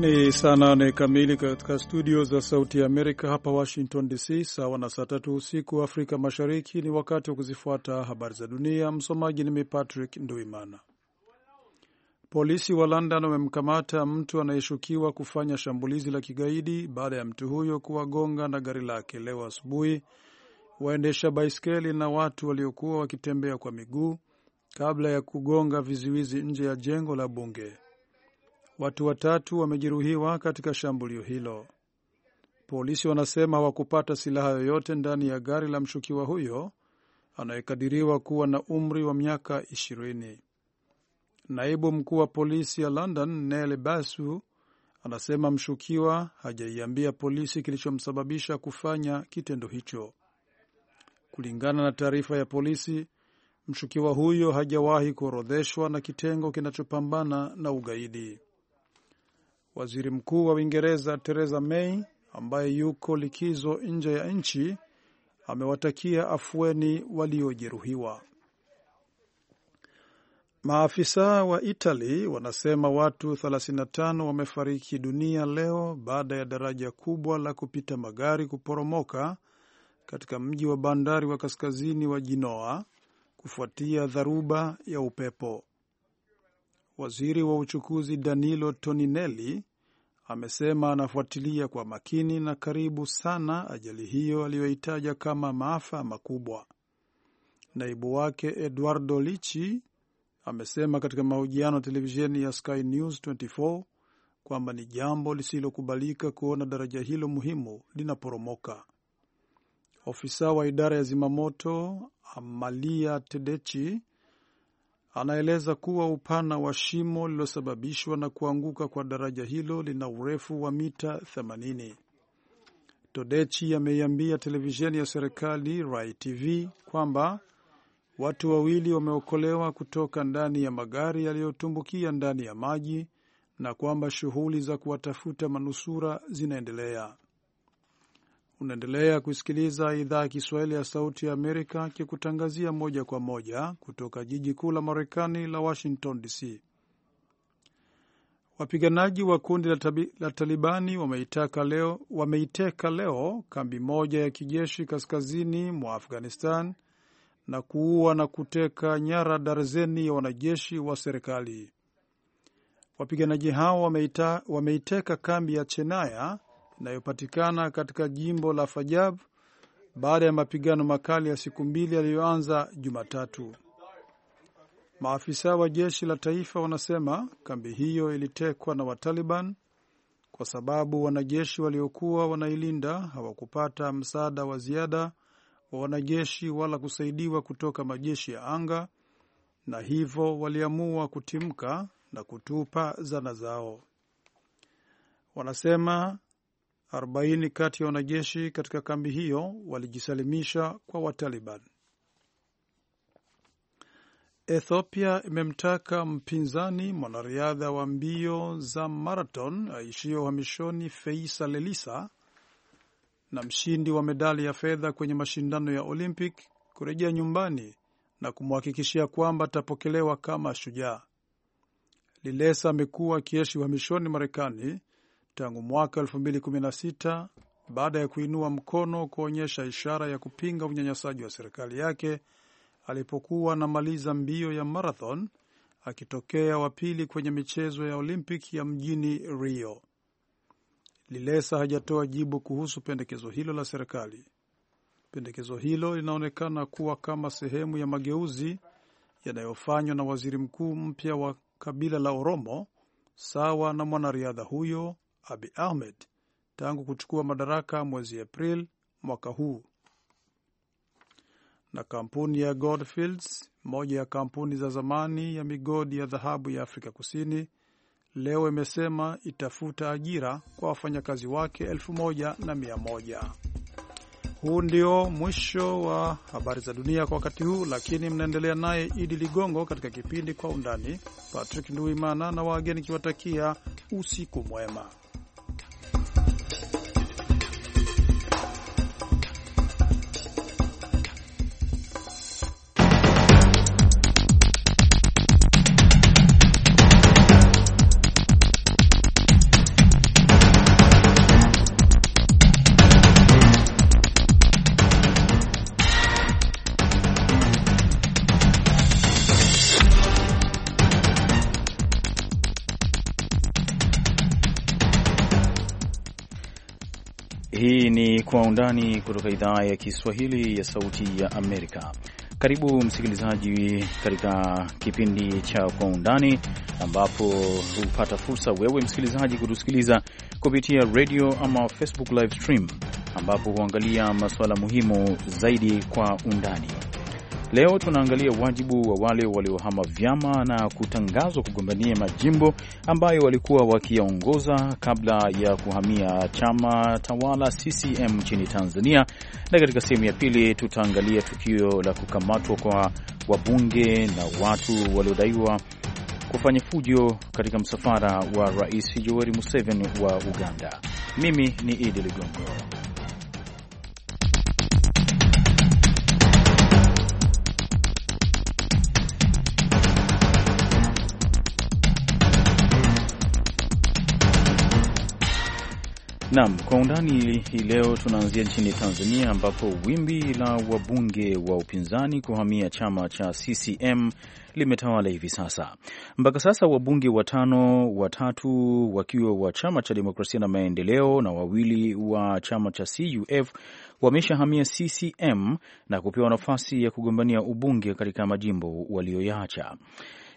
Ni saa nane kamili katika studio za Sauti ya Amerika hapa Washington DC, sawa na saa tatu usiku Afrika Mashariki. Ni wakati wa kuzifuata habari za dunia. Msomaji ni mipatrick Patrick Nduimana. Polisi wa London wamemkamata mtu anayeshukiwa kufanya shambulizi la kigaidi baada ya mtu huyo kuwagonga na gari lake leo asubuhi waendesha baiskeli na watu waliokuwa wakitembea kwa miguu kabla ya kugonga vizuizi nje ya jengo la bunge. Watu watatu wamejeruhiwa katika shambulio hilo. Polisi wanasema hawakupata silaha yoyote ndani ya gari la mshukiwa huyo anayekadiriwa kuwa na umri wa miaka ishirini. Naibu mkuu wa polisi ya London Nele Basu anasema mshukiwa hajaiambia polisi kilichomsababisha kufanya kitendo hicho. Kulingana na taarifa ya polisi, mshukiwa huyo hajawahi kuorodheshwa na kitengo kinachopambana na ugaidi. Waziri Mkuu wa Uingereza Theresa May ambaye yuko likizo nje ya nchi amewatakia afueni waliojeruhiwa. Maafisa wa Itali wanasema watu 35 wamefariki dunia leo baada ya daraja kubwa la kupita magari kuporomoka katika mji wa bandari wa kaskazini wa Jinoa kufuatia dharuba ya upepo. Waziri wa uchukuzi Danilo Toninelli amesema anafuatilia kwa makini na karibu sana ajali hiyo aliyoitaja kama maafa makubwa. Naibu wake Eduardo Lichi amesema katika mahojiano ya televisheni ya Sky News 24 kwamba ni jambo lisilokubalika kuona daraja hilo muhimu linaporomoka. Ofisa wa idara ya zimamoto Amalia Tedechi Anaeleza kuwa upana wa shimo lililosababishwa na kuanguka kwa daraja hilo lina urefu wa mita 80. Todechi ameiambia televisheni ya serikali Rai TV kwamba watu wawili wameokolewa kutoka ndani ya magari yaliyotumbukia ndani ya maji na kwamba shughuli za kuwatafuta manusura zinaendelea. Unaendelea kusikiliza idhaa ya Kiswahili ya Sauti ya Amerika kikutangazia moja kwa moja kutoka jiji kuu la Marekani la Washington DC. Wapiganaji wa kundi la Talibani wameiteka leo, wameiteka leo kambi moja ya kijeshi kaskazini mwa Afghanistan na kuua na kuteka nyara darzeni ya wanajeshi wa serikali. Wapiganaji hao wameiteka kambi ya Chenaya inayopatikana katika jimbo la Fajab baada ya mapigano makali ya siku mbili yaliyoanza Jumatatu. Maafisa wa jeshi la taifa wanasema kambi hiyo ilitekwa na Wataliban kwa sababu wanajeshi waliokuwa wanailinda hawakupata msaada wa ziada wa wanajeshi wala kusaidiwa kutoka majeshi ya anga, na hivyo waliamua kutimka na kutupa zana zao. Wanasema 40 kati ya wanajeshi katika kambi hiyo walijisalimisha kwa Wataliban. Ethiopia imemtaka mpinzani mwanariadha wa mbio za marathon aishie uhamishoni Feisa Lelisa na mshindi wa medali ya fedha kwenye mashindano ya Olympic kurejea nyumbani na kumhakikishia kwamba atapokelewa kama shujaa. Lilesa amekuwa akieshi uhamishoni Marekani tangu mwaka 2016 baada ya kuinua mkono kuonyesha ishara ya kupinga unyanyasaji wa serikali yake alipokuwa anamaliza mbio ya marathon akitokea wa pili kwenye michezo ya Olympic ya mjini Rio. Lilesa hajatoa jibu kuhusu pendekezo hilo la serikali. Pendekezo hilo linaonekana kuwa kama sehemu ya mageuzi yanayofanywa na waziri mkuu mpya wa kabila la Oromo, sawa na mwanariadha huyo Abi Ahmed tangu kuchukua madaraka mwezi April mwaka huu. Na kampuni ya Goldfields, moja ya kampuni za zamani ya migodi ya dhahabu ya Afrika Kusini, leo imesema itafuta ajira kwa wafanyakazi wake elfu moja na mia moja. Huu ndio mwisho wa habari za dunia kwa wakati huu, lakini mnaendelea naye Idi Ligongo katika kipindi Kwa Undani. Patrick Nduimana na wageni kiwatakia usiku mwema. Kwa Undani kutoka idhaa ya Kiswahili ya Sauti ya Amerika. Karibu msikilizaji katika kipindi cha Kwa Undani, ambapo hupata fursa wewe msikilizaji kutusikiliza kupitia radio ama Facebook live stream, ambapo huangalia masuala muhimu zaidi kwa undani. Leo tunaangalia wajibu wa wale waliohama vyama na kutangazwa kugombania majimbo ambayo walikuwa wakiaongoza kabla ya kuhamia chama tawala CCM nchini Tanzania, na katika sehemu ya pili tutaangalia tukio la kukamatwa kwa wabunge na watu waliodaiwa kufanya fujo katika msafara wa Rais Yoweri Museveni wa Uganda. Mimi ni Idi Ligongo. Naam, kwa undani hii leo tunaanzia nchini Tanzania ambapo wimbi la wabunge wa upinzani kuhamia chama cha CCM limetawala hivi sasa. Mpaka sasa wabunge watano, watatu wakiwa wa chama cha demokrasia na maendeleo na wawili wa chama cha CUF wameshahamia CCM na kupewa nafasi ya kugombania ubunge katika majimbo walioyaacha.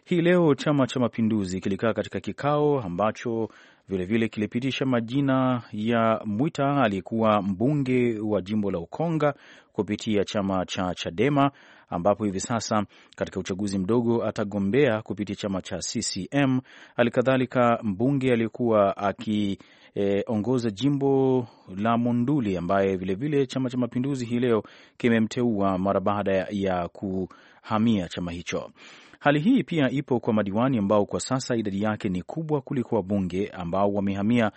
Hii leo Chama cha Mapinduzi kilikaa katika kikao ambacho vilevile vile kilipitisha majina ya Mwita aliyekuwa mbunge wa jimbo la Ukonga kupitia chama cha Chadema, ambapo hivi sasa katika uchaguzi mdogo atagombea kupitia chama cha CCM. Halikadhalika, mbunge aliyekuwa akiongoza e, jimbo la Monduli, ambaye vilevile vile chama cha mapinduzi hii leo kimemteua mara baada ya kuhamia chama hicho. Hali hii pia ipo kwa madiwani ambao kwa sasa idadi yake ni kubwa kuliko wabunge ambao wamehamia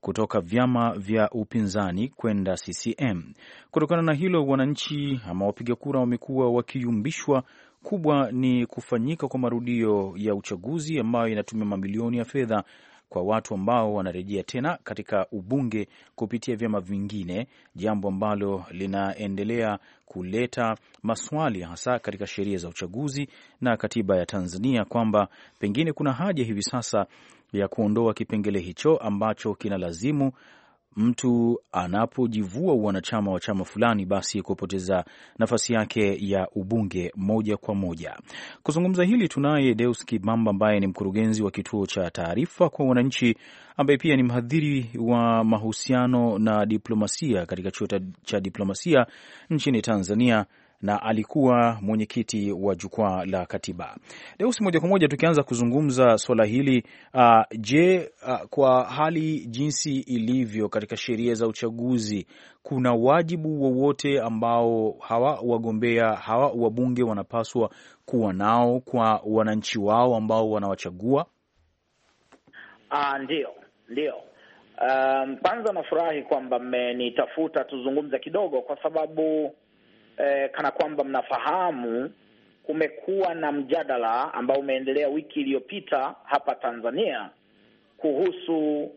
kutoka vyama vya upinzani kwenda CCM. Kutokana na hilo, wananchi ama wapiga kura wamekuwa wakiyumbishwa. Kubwa ni kufanyika kwa marudio ya uchaguzi ambayo inatumia mamilioni ya fedha kwa watu ambao wanarejea tena katika ubunge kupitia vyama vingine, jambo ambalo linaendelea kuleta maswali hasa katika sheria za uchaguzi na katiba ya Tanzania kwamba pengine kuna haja hivi sasa ya kuondoa kipengele hicho ambacho kinalazimu mtu anapojivua wanachama wa chama fulani basi kupoteza nafasi yake ya ubunge moja kwa moja. Kuzungumza hili tunaye Deus Kibamba ambaye ni mkurugenzi wa kituo cha taarifa kwa wananchi ambaye pia ni mhadhiri wa mahusiano na diplomasia katika chuo cha diplomasia nchini Tanzania na alikuwa mwenyekiti wa jukwaa la katiba. Deus, moja kwa moja tukianza kuzungumza swala hili uh, je, uh, kwa hali jinsi ilivyo katika sheria za uchaguzi, kuna wajibu wowote ambao hawa wagombea hawa wabunge wanapaswa kuwa nao kwa wananchi wao ambao wanawachagua? Uh, ndio, ndio. Um, kwanza nafurahi kwamba mmenitafuta tuzungumze kidogo, kwa sababu eh, kana kwamba mnafahamu, kumekuwa na mjadala ambao umeendelea wiki iliyopita hapa Tanzania kuhusu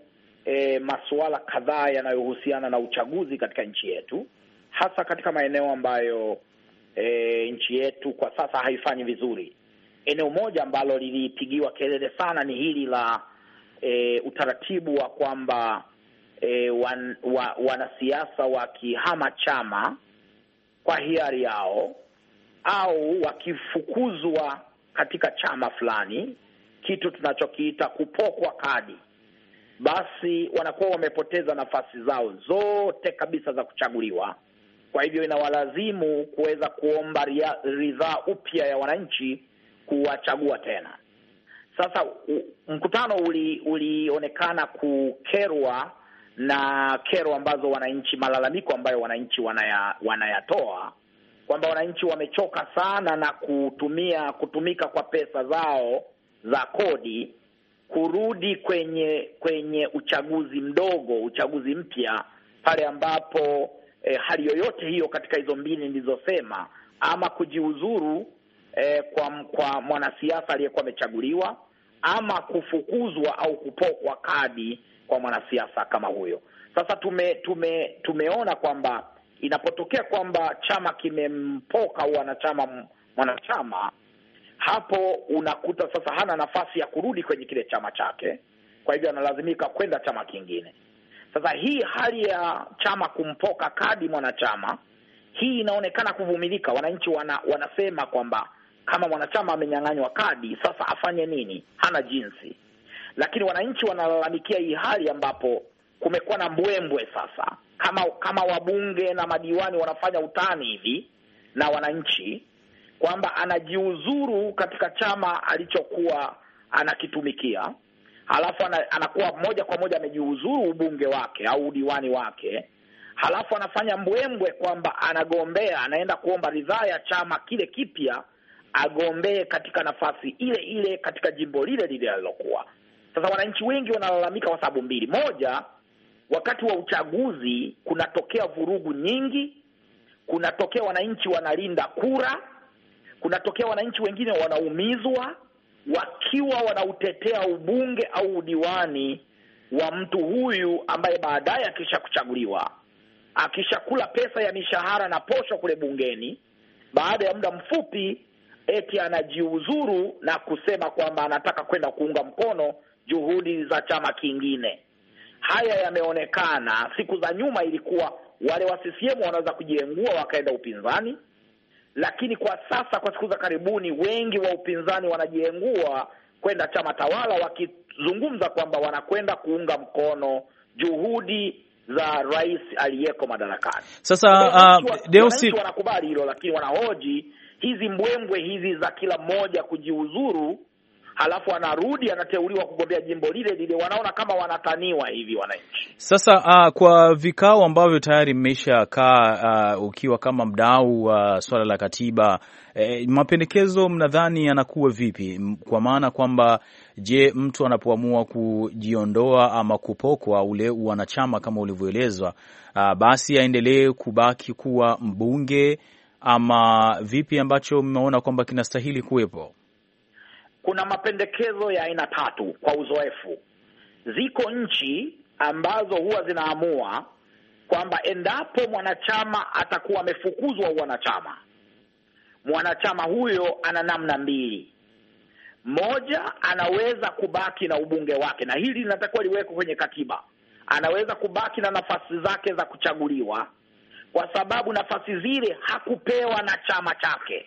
eh, masuala kadhaa yanayohusiana na uchaguzi katika nchi yetu, hasa katika maeneo ambayo e, nchi yetu kwa sasa haifanyi vizuri. Eneo moja ambalo lilipigiwa kelele sana ni hili la E, utaratibu wa kwamba e, wan, wa, wanasiasa wakihama chama kwa hiari yao au wakifukuzwa katika chama fulani, kitu tunachokiita kupokwa kadi, basi wanakuwa wamepoteza nafasi zao zote kabisa za kuchaguliwa. Kwa hivyo inawalazimu kuweza kuomba ridhaa upya ya wananchi kuwachagua tena. Sasa u, mkutano uli, ulionekana kukerwa na kero ambazo wananchi, malalamiko ambayo wananchi wanaya, wanayatoa kwamba wananchi wamechoka sana na kutumia kutumika kwa pesa zao za kodi kurudi kwenye kwenye uchaguzi mdogo, uchaguzi mpya pale ambapo eh, hali yoyote hiyo katika hizo mbili nilizosema, ama kujiuzuru eh, kwa kwa mwanasiasa aliyekuwa amechaguliwa ama kufukuzwa au kupokwa kadi kwa mwanasiasa kama huyo. Sasa tume, tume, tumeona kwamba inapotokea kwamba chama kimempoka wanachama mwanachama, hapo unakuta sasa hana nafasi ya kurudi kwenye kile chama chake, kwa hivyo analazimika kwenda chama kingine. Sasa hii hali ya chama kumpoka kadi mwanachama hii inaonekana kuvumilika. Wananchi wana, wanasema kwamba kama mwanachama amenyang'anywa kadi, sasa afanye nini? Hana jinsi lakini wananchi wanalalamikia hii hali ambapo kumekuwa na mbwembwe sasa, kama kama wabunge na madiwani wanafanya utani hivi na wananchi kwamba anajiuzuru katika chama alichokuwa anakitumikia, halafu anakuwa moja kwa moja amejiuzuru ubunge wake au udiwani wake, halafu anafanya mbwembwe kwamba anagombea, anaenda kuomba ridhaa ya chama kile kipya agombee katika nafasi ile ile katika jimbo lile lile alilokuwa. Sasa wananchi wengi wanalalamika kwa sababu mbili. Moja, wakati wa uchaguzi kunatokea vurugu nyingi, kunatokea wananchi wanalinda kura, kunatokea wananchi wengine wanaumizwa wakiwa wanautetea ubunge au udiwani wa mtu huyu ambaye baadaye akisha kuchaguliwa akishakula pesa ya mishahara na posho kule bungeni, baada ya muda mfupi eti anajiuzuru na kusema kwamba anataka kwenda kuunga mkono juhudi za chama kingine. Haya yameonekana siku za nyuma, ilikuwa wale wa CCM wanaweza kujiengua wakaenda upinzani, lakini kwa sasa, kwa siku za karibuni, wengi wa upinzani wanajiengua kwenda chama tawala, wakizungumza kwamba wanakwenda kuunga mkono juhudi za rais aliyeko madarakani. Sasa uh, ah, Deusi wanakubali hilo, lakini wanahoji hizi mbwembwe hizi za kila mmoja kujiuzuru halafu anarudi anateuliwa kugombea jimbo lile lile, wanaona kama wanataniwa hivi wananchi. Sasa uh, kwa vikao ambavyo tayari mmeshakaa uh, ukiwa kama mdau wa uh, swala la katiba eh, mapendekezo mnadhani yanakuwa vipi? Kwa maana kwamba je, mtu anapoamua kujiondoa ama kupokwa ule wanachama kama ulivyoelezwa, uh, basi aendelee kubaki kuwa mbunge ama vipi ambacho mmeona kwamba kinastahili kuwepo? kuna mapendekezo ya aina tatu kwa uzoefu. Ziko nchi ambazo huwa zinaamua kwamba endapo mwanachama atakuwa amefukuzwa uwanachama, mwanachama huyo ana namna mbili. Moja, anaweza kubaki na ubunge wake, na hili linatakiwa liwekwe kwenye katiba. Anaweza kubaki na nafasi zake za kuchaguliwa, kwa sababu nafasi zile hakupewa na chama chake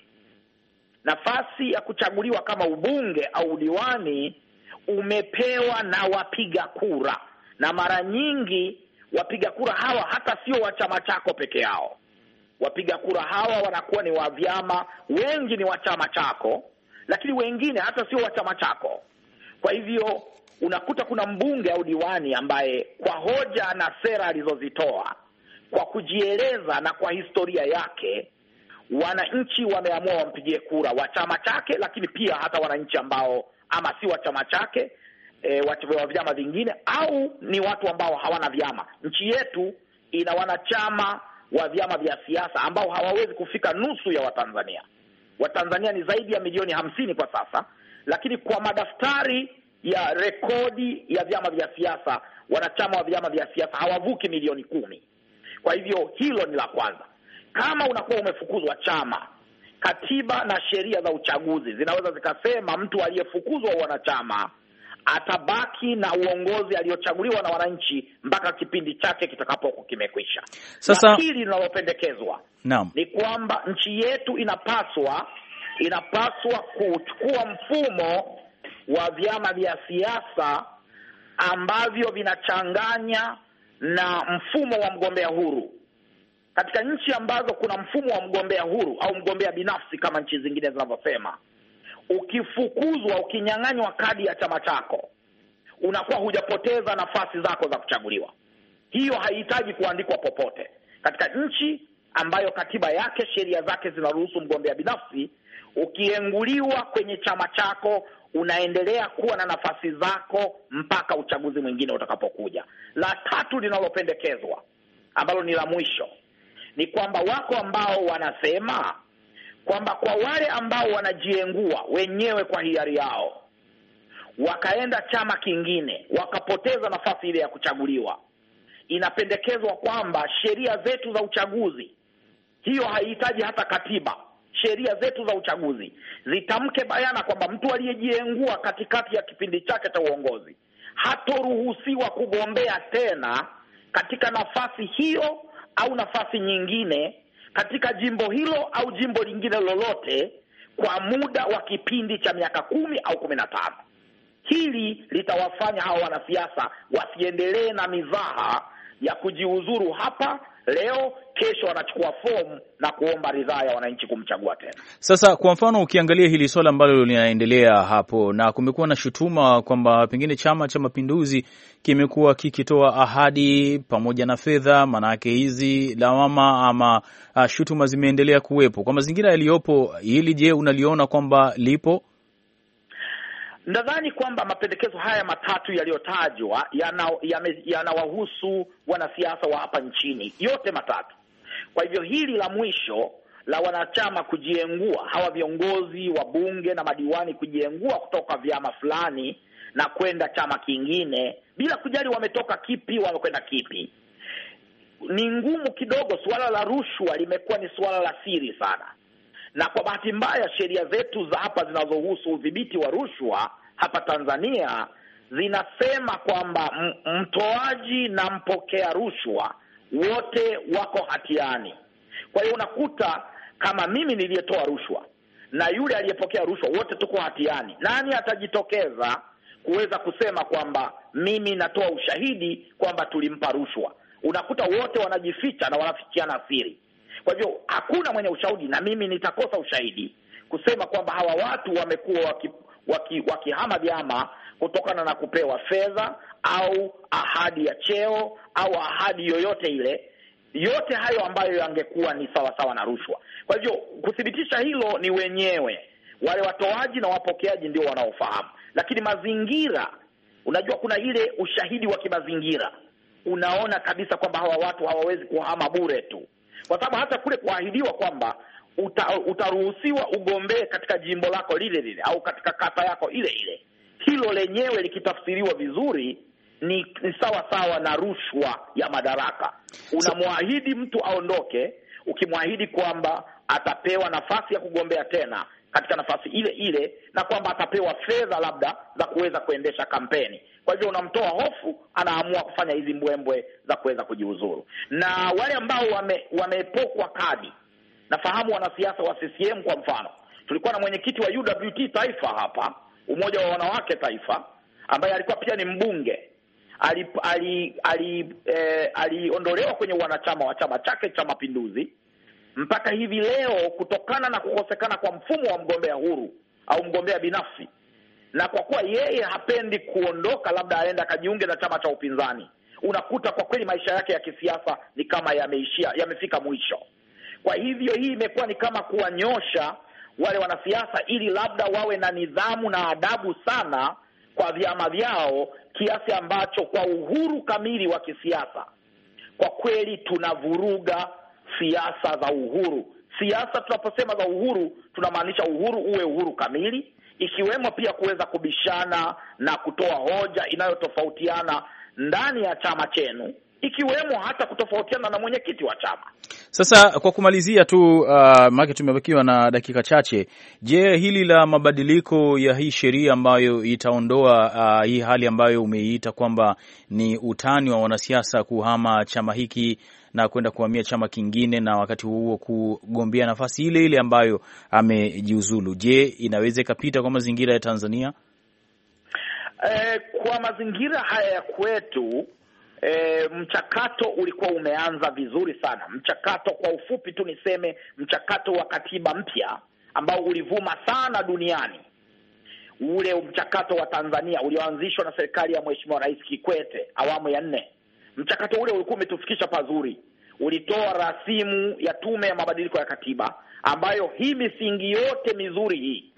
nafasi ya kuchaguliwa kama ubunge au udiwani umepewa na wapiga kura, na mara nyingi wapiga kura hawa hata sio wa chama chako peke yao. Wapiga kura hawa wanakuwa ni wa vyama, wengi ni wa chama chako, lakini wengine hata sio wa chama chako. Kwa hivyo unakuta kuna mbunge au diwani ambaye kwa hoja na sera alizozitoa, kwa kujieleza na kwa historia yake wananchi wameamua wampigie kura wa chama chake, lakini pia hata wananchi ambao ama si wa chama chake e, wa vyama vingine au ni watu ambao hawana vyama. Nchi yetu ina wanachama wa vyama vya siasa ambao hawawezi kufika nusu ya Watanzania. Watanzania ni zaidi ya milioni hamsini kwa sasa, lakini kwa madaftari ya rekodi ya vyama vya siasa wanachama wa vyama vya siasa hawavuki milioni kumi. Kwa hivyo hilo ni la kwanza. Kama unakuwa umefukuzwa chama, katiba na sheria za uchaguzi zinaweza zikasema mtu aliyefukuzwa wanachama atabaki na uongozi aliyochaguliwa na wananchi mpaka kipindi chake kitakapokuwa kimekwisha. Sasa hili linalopendekezwa no. ni kwamba nchi yetu inapaswa inapaswa kuchukua mfumo wa vyama vya siasa ambavyo vinachanganya na mfumo wa mgombea huru katika nchi ambazo kuna mfumo wa mgombea huru au mgombea binafsi kama nchi zingine zinavyosema, ukifukuzwa, ukinyang'anywa kadi ya chama chako, unakuwa hujapoteza nafasi zako za kuchaguliwa. Hiyo haihitaji kuandikwa popote. Katika nchi ambayo katiba yake, sheria zake zinaruhusu mgombea binafsi, ukienguliwa kwenye chama chako unaendelea kuwa na nafasi zako mpaka uchaguzi mwingine utakapokuja. La tatu linalopendekezwa ambalo ni la mwisho ni kwamba wako ambao wanasema kwamba kwa wale ambao wanajiengua wenyewe kwa hiari yao wakaenda chama kingine wakapoteza nafasi ile ya kuchaguliwa, inapendekezwa kwamba sheria zetu za uchaguzi, hiyo haihitaji hata katiba, sheria zetu za uchaguzi zitamke bayana kwamba mtu aliyejiengua katikati ya kipindi chake cha uongozi hatoruhusiwa kugombea tena katika nafasi hiyo au nafasi nyingine katika jimbo hilo au jimbo lingine lolote kwa muda wa kipindi cha miaka kumi au kumi na tano. Hili litawafanya hawa wanasiasa wasiendelee na mizaha ya kujiuzuru hapa leo, kesho wanachukua fomu na kuomba ridhaa ya wananchi kumchagua tena. Sasa kwa mfano, ukiangalia hili swala ambalo linaendelea hapo, na kumekuwa na shutuma kwamba pengine Chama cha Mapinduzi kimekuwa kikitoa ahadi pamoja na fedha, maanake hizi lawama ama ah, shutuma zimeendelea kuwepo kwa mazingira yaliyopo. Hili je, unaliona kwamba lipo? Nadhani kwamba mapendekezo haya matatu yaliyotajwa yanawahusu ya wanasiasa wa hapa nchini yote matatu. Kwa hivyo hili la mwisho la wanachama kujiengua, hawa viongozi wa bunge na madiwani kujiengua kutoka vyama fulani na kwenda chama kingine bila kujali wametoka kipi, wamekwenda kipi, ni ngumu kidogo. Suala la rushwa limekuwa ni suala la siri sana na kwa bahati mbaya sheria zetu za hapa zinazohusu udhibiti wa rushwa hapa Tanzania zinasema kwamba mtoaji na mpokea rushwa wote wako hatiani. Kwa hiyo unakuta kama mimi niliyetoa rushwa na yule aliyepokea rushwa wote tuko hatiani. Nani atajitokeza kuweza kusema kwamba mimi natoa ushahidi kwamba tulimpa rushwa? Unakuta wote wanajificha na wanafikiana siri. Kwa hivyo hakuna mwenye ushahidi, na mimi nitakosa ushahidi kusema kwamba hawa watu wamekuwa waki, waki, wakihama vyama kutokana na kupewa fedha au ahadi ya cheo au ahadi yoyote ile yote hayo ambayo yangekuwa ni sawa sawa na rushwa. Kwa hivyo kuthibitisha hilo ni wenyewe wale watoaji na wapokeaji ndio wanaofahamu, lakini mazingira, unajua, kuna ile ushahidi wa kimazingira, unaona kabisa kwamba hawa watu hawawezi kuhama bure tu kwa sababu hata kule kuahidiwa kwamba uta, utaruhusiwa ugombee katika jimbo lako lile lile au katika kata yako ile ile, hilo lenyewe likitafsiriwa vizuri ni, ni sawa sawa na rushwa ya madaraka. Unamwahidi mtu aondoke, ukimwahidi kwamba atapewa nafasi ya kugombea tena, katika nafasi ile ile, na kwamba atapewa fedha labda za kuweza kuendesha kampeni. Kwa hivyo unamtoa hofu, anaamua kufanya hizi mbwembwe za kuweza kujiuzuru. Na wale ambao wamepokwa kadi, nafahamu wanasiasa wa CCM kwa mfano, tulikuwa na mwenyekiti wa UWT taifa hapa, umoja wa wanawake taifa, ambaye alikuwa pia ni mbunge aliondolewa ali, ali, eh, ali kwenye wanachama wa chama chake cha Mapinduzi mpaka hivi leo kutokana na kukosekana kwa mfumo wa mgombea huru au mgombea binafsi, na kwa kuwa yeye hapendi kuondoka, labda aende akajiunge na chama cha upinzani, unakuta kwa kweli maisha yake ya kisiasa ni kama yameishia, yamefika mwisho. Kwa hivyo hii imekuwa ni kama kuwanyosha wale wanasiasa ili labda wawe na nidhamu na adabu sana kwa vyama vyao, kiasi ambacho kwa uhuru kamili wa kisiasa kwa kweli tunavuruga siasa za uhuru. Siasa tunaposema za uhuru, tunamaanisha uhuru uwe uhuru kamili, ikiwemo pia kuweza kubishana na kutoa hoja inayotofautiana ndani ya chama chenu ikiwemo hata kutofautiana na mwenyekiti wa chama. Sasa kwa kumalizia tu uh, maake tumebakiwa na dakika chache. Je, hili la mabadiliko ya hii sheria ambayo itaondoa uh, hii hali ambayo umeiita kwamba ni utani wa wanasiasa kuhama chama hiki na kwenda kuhamia chama kingine na wakati huo kugombea nafasi ile ile ambayo amejiuzulu. Je, inaweza ikapita kwa mazingira ya Tanzania? Eh, kwa mazingira haya ya kwetu E, mchakato ulikuwa umeanza vizuri sana. Mchakato kwa ufupi tu niseme mchakato wa katiba mpya ambao ulivuma sana duniani, ule mchakato wa Tanzania ulioanzishwa na serikali ya Mheshimiwa Rais Kikwete awamu ya nne, Mchakato ule ulikuwa umetufikisha pazuri, ulitoa rasimu ya tume ya mabadiliko ya katiba ambayo hii misingi yote mizuri hii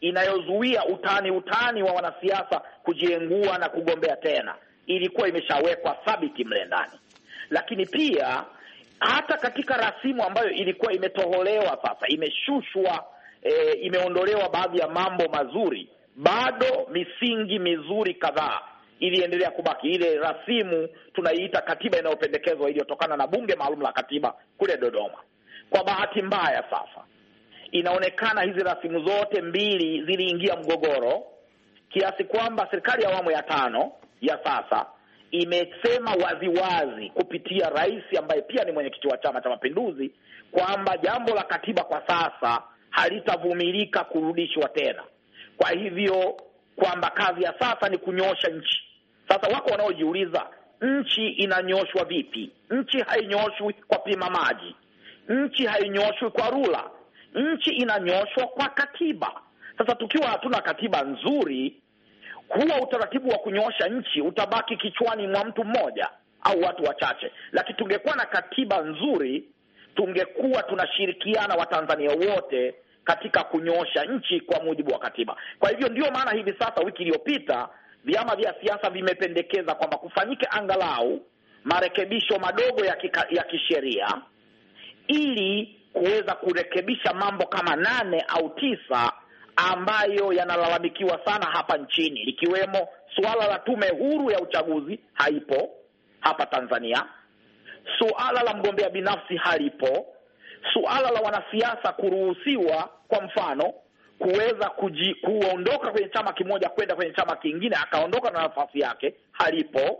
inayozuia utani utani wa wanasiasa kujiengua na kugombea tena ilikuwa imeshawekwa thabiti mle ndani, lakini pia hata katika rasimu ambayo ilikuwa imetoholewa sasa, imeshushwa e, imeondolewa baadhi ya mambo mazuri, bado misingi mizuri kadhaa iliendelea kubaki ile rasimu tunaiita katiba inayopendekezwa iliyotokana na bunge maalum la katiba kule Dodoma. Kwa bahati mbaya sasa inaonekana hizi rasimu zote mbili ziliingia mgogoro kiasi kwamba serikali ya awamu ya tano ya sasa imesema waziwazi kupitia rais ambaye pia ni mwenyekiti wa Chama cha Mapinduzi kwamba jambo la katiba kwa sasa halitavumilika kurudishwa tena. Kwa hivyo kwamba kazi ya sasa ni kunyosha nchi sasa wako wanaojiuliza nchi inanyoshwa vipi? Nchi hainyoshwi kwa pima maji, nchi hainyoshwi kwa rula, nchi inanyoshwa kwa katiba. Sasa tukiwa hatuna katiba nzuri, huwa utaratibu wa kunyosha nchi utabaki kichwani mwa mtu mmoja au watu wachache. Lakini tungekuwa na katiba nzuri, tungekuwa tunashirikiana Watanzania wote katika kunyosha nchi kwa mujibu wa katiba. Kwa hivyo ndiyo maana hivi sasa, wiki iliyopita vyama vya siasa vimependekeza kwamba kufanyike angalau marekebisho madogo ya, kika, ya kisheria ili kuweza kurekebisha mambo kama nane au tisa ambayo yanalalamikiwa sana hapa nchini likiwemo suala la tume huru ya uchaguzi haipo hapa Tanzania, suala la mgombea binafsi halipo, suala la wanasiasa kuruhusiwa kwa mfano kuweza kuondoka kwenye chama kimoja kwenda kwenye chama kingine, akaondoka na nafasi yake halipo.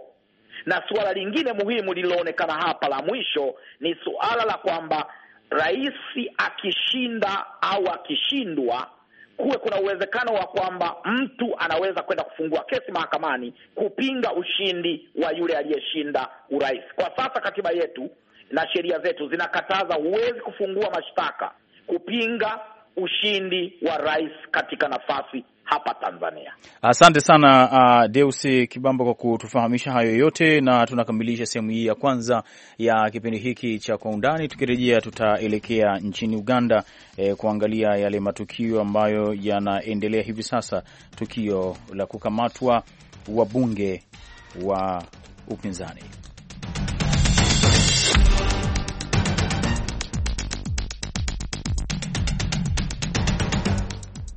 Na suala lingine muhimu lililoonekana hapa la mwisho ni suala la kwamba rais akishinda au akishindwa kuwe kuna uwezekano wa kwamba mtu anaweza kwenda kufungua kesi mahakamani kupinga ushindi wa yule aliyeshinda urais. Kwa sasa katiba yetu na sheria zetu zinakataza, huwezi kufungua mashtaka kupinga ushindi wa rais katika nafasi hapa Tanzania. Asante sana uh, Deusi Kibambo kwa kutufahamisha hayo yote, na tunakamilisha sehemu hii ya kwanza ya kipindi hiki cha kwa undani. Tukirejea tutaelekea nchini Uganda eh, kuangalia yale matukio ambayo yanaendelea hivi sasa, tukio la kukamatwa wabunge wa upinzani.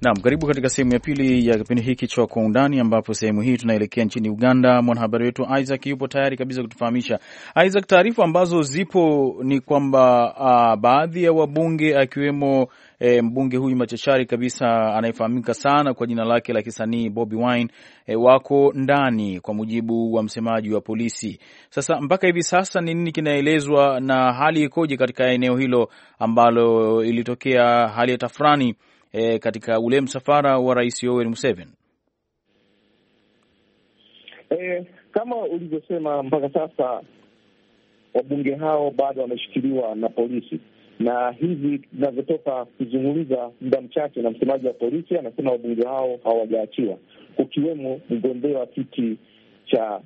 Naam, karibu katika sehemu ya pili ya kipindi hiki cha Kwa Undani, ambapo sehemu hii tunaelekea nchini Uganda. Mwanahabari wetu Isaac yupo tayari kabisa kutufahamisha. Isaac, taarifa ambazo zipo ni kwamba uh, baadhi ya wabunge akiwemo E, mbunge huyu machachari kabisa anayefahamika sana kwa jina lake la kisanii Bobi Wine e, wako ndani, kwa mujibu wa msemaji wa polisi. Sasa mpaka hivi sasa ni nini kinaelezwa na hali ikoje katika eneo hilo ambalo ilitokea hali ya tafrani e, katika ule msafara wa Rais Yoweri Museveni? E, kama ulivyosema, mpaka sasa wabunge hao bado wameshikiliwa na polisi, na hivi tunavyotoka kuzungumza muda mchache na msemaji wa polisi anasema wabunge hao hawajaachiwa, ukiwemo mgombea wa kiti cha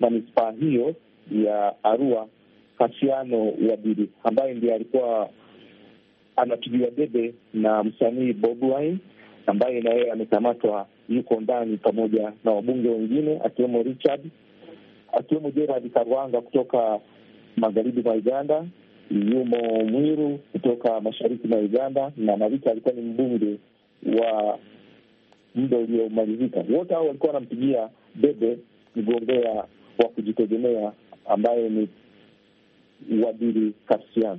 manispaa hiyo ya Arua Kasiano Wadiri ambaye ndiye alikuwa anapigiwa debe na msanii Bob Wine ambaye na yeye amekamatwa, yuko ndani pamoja na wabunge wengine akiwemo Richard, akiwemo Gerard Karwanga kutoka magharibi mwa Uganda, yumo Mwiru kutoka mashariki mwa Uganda na Marika alikuwa ni mbunge wa muda uliomalizika. Wote hao walikuwa wanampigia debe mgombea wa kujitegemea ambaye ni wadiri Kasian.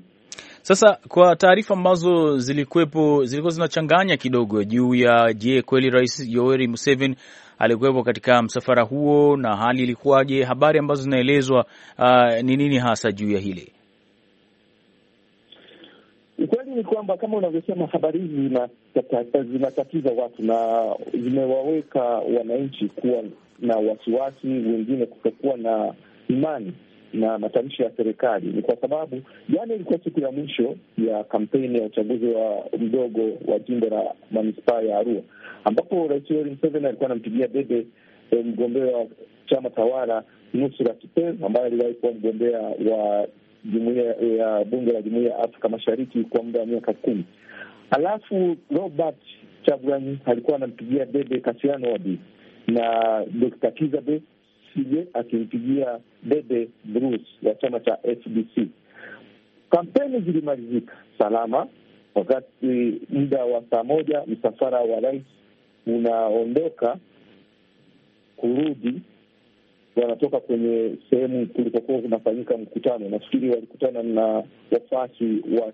Sasa kwa taarifa ambazo zilikuwepo zilikuwa zinachanganya kidogo juu ya je, kweli Rais Yoweri Museveni alikuwepo katika msafara huo na hali ilikuwaje? Habari ambazo zinaelezwa uh, ni uh, nini hasa juu ya hili? Ukweli ni kwamba kama unavyosema, habari hizi zinatatiza watu na zimewaweka wananchi kuwa na wasiwasi, wengine kutokuwa na imani na matamshi ya serikali ni kwa sababu jana ilikuwa siku ya mwisho ya kampeni ya uchaguzi wa mdogo wa jimbo la manispaa ya Arua, ambapo Rais Yoweri Museveni alikuwa anampigia debe eh, mgombea wa chama tawala Nusura kipe ambaye aliwahi kuwa mgombea wa jumuiya eh, ya bunge la jumuiya ya Afrika Mashariki kwa muda wa miaka kumi. Alafu Robert Chagulanyi alikuwa anampigia debe Kasiano Wadri na Dr. Kizabe Besigye akimpigia Bebe Bruce wa chama cha FDC. Kampeni zilimalizika salama. Wakati muda wa saa moja msafara wa rais unaondoka kurudi, wanatoka kwenye sehemu kulipokuwa kunafanyika mkutano. Nafikiri walikutana na wafuasi wa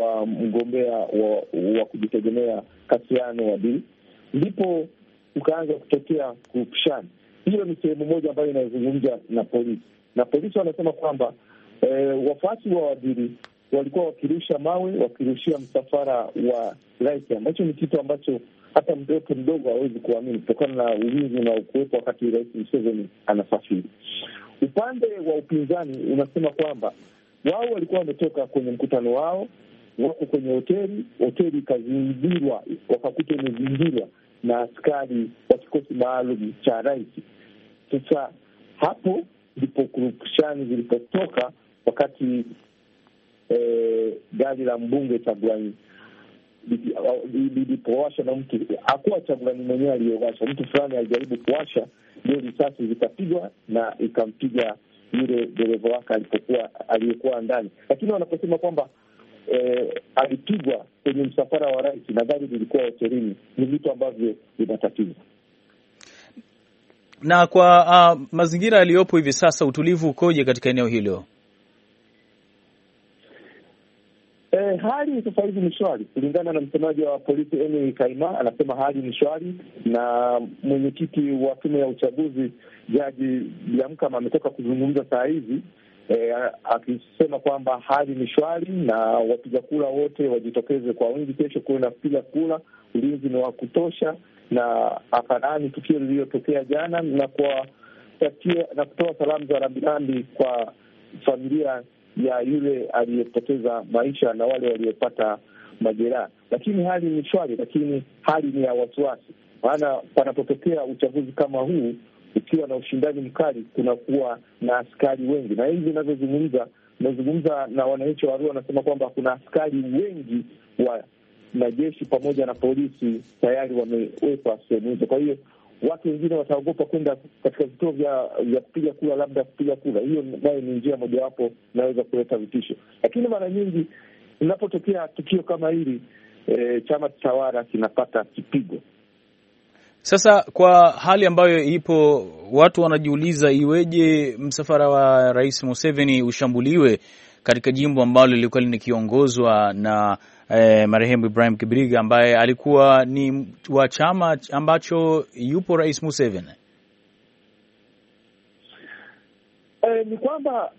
wa mgombea wa, wa kujitegemea Kasiano Wadri, ndipo ukaanza kutokea kupishana hiyo ni sehemu moja ambayo inayozungumza na polisi, na polisi wanasema kwamba eh, wafuasi wa Wadiri walikuwa wakirusha mawe, wakirushia msafara wa rais, ambacho ni kitu ambacho hata mtoto mdogo hawezi kuamini kutokana na ulinzi unaokuwepo wakati Rais Museveni anasafiri. Upande wa upinzani unasema kwamba wao walikuwa wametoka kwenye mkutano wao, wako kwenye hoteli, hoteli ikazingirwa, wakakuta imezingirwa na askari wa kikosi maalum cha rais. Sasa hapo ndipo kurukushani zilipotoka wakati eh, gari la mbunge Chagulani lilipowasha na mtu hakuwa Chagulani mwenyewe aliyowasha, mtu fulani alijaribu kuwasha, ndio risasi zikapigwa na ikampiga yule dereva wake alipokuwa aliyekuwa ndani. Lakini wanaposema kwamba eh, alipigwa kwenye msafara wa rais, nadhani vilikuwa hotelini. Ni vitu ambavyo vinatatiza na kwa uh, mazingira yaliyopo hivi sasa, utulivu ukoje katika eneo hilo? E, hali sasa hivi ni shwari kulingana na msemaji wa polisi Emily Kaima, anasema hali ni shwari, na mwenyekiti wa tume ya uchaguzi Jaji Biamkama ametoka kuzungumza saa hizi e, akisema kwamba hali ni shwari na wapiga kura wote wajitokeze kwa wingi kesho kuwe na kupiga kura, ulinzi ni wa kutosha, na akalaani tukio lililotokea jana na tatia, na kutoa salamu za rambirambi kwa familia ya yule aliyepoteza maisha na wale waliopata majeraha. Lakini hali ni shwari, lakini hali ni ya wasiwasi, maana panapotokea uchaguzi kama huu ukiwa na ushindani mkali, kunakuwa na askari wengi, na hivi inavyozungumza nazungumza na wananchi wa Arua, wanasema kwamba kuna askari wengi wa majeshi pamoja na polisi tayari wamewekwa sehemu hizo. Kwa hiyo watu wengine wataogopa kwenda katika vituo vya vya kupiga kura, labda kupiga kura. Hiyo nayo ni njia mojawapo inaweza kuleta vitisho, lakini mara nyingi inapotokea tukio kama hili, e, chama tawala kinapata kipigo. Sasa kwa hali ambayo ipo, watu wanajiuliza iweje msafara wa Rais Museveni ushambuliwe katika jimbo ambalo lilikuwa linakiongozwa na eh, marehemu Ibrahim Kibiriga ambaye alikuwa ni wa chama ambacho yupo Rais Museveni. E, ni kwamba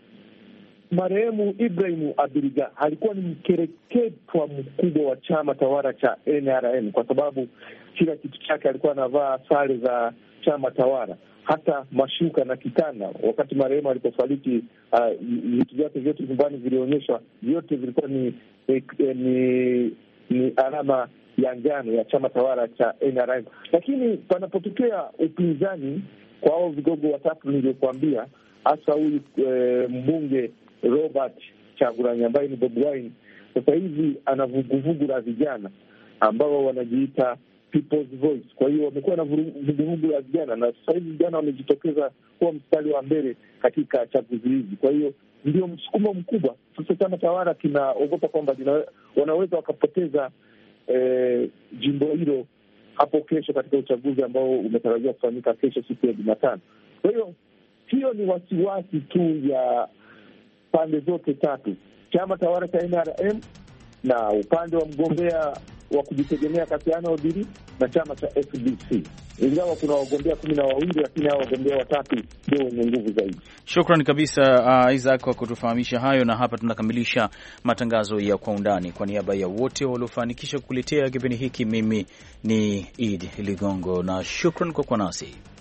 Marehemu Ibrahimu Abiriga alikuwa ni mkereketwa mkubwa wa chama tawala cha NRM kwa sababu kila kitu chake alikuwa anavaa sare za chama tawala, hata mashuka na kitanda. Wakati marehemu alipofariki, uh, vitu uh, vyake vyote nyumbani vilionyeshwa, vyote vilikuwa ni, eh, eh, ni ni alama ya njano ya chama tawala cha NRM. Lakini panapotokea upinzani kwa hao vigogo watatu nilivyokuambia hasa huyu eh, mbunge Robert Chaguranyi ambaye ni Bobi Wine sasa hivi ana vuguvugu la vijana ambao wanajiita People's Voice. Kwa hiyo wamekuwa na vuguvugu la vijana na sasa hivi vijana wamejitokeza kuwa mstari wa mbele katika chaguzi hizi, kwa hiyo ndio msukumo mkubwa. Sasa chama tawala kinaogopa kwamba wanaweza wakapoteza eh, jimbo hilo hapo kesho katika uchaguzi ambao umetarajiwa kufanyika kesho siku ya Jumatano. Kwa hiyo hiyo ni wasiwasi tu ya pande zote tatu, chama tawala cha NRM na upande wa mgombea wa kujitegemea Katiano Odiri na chama cha FDC. Ingawa kuna wagombea kumi na wawili, lakini hao wagombea watatu ndio wenye nguvu zaidi. Shukran kabisa uh, Isaac kwa kutufahamisha hayo, na hapa tunakamilisha matangazo ya Kwa Undani. Kwa niaba ya wote waliofanikisha kukuletea kipindi hiki, mimi ni Id Ligongo na shukran kwa kuwa nasi.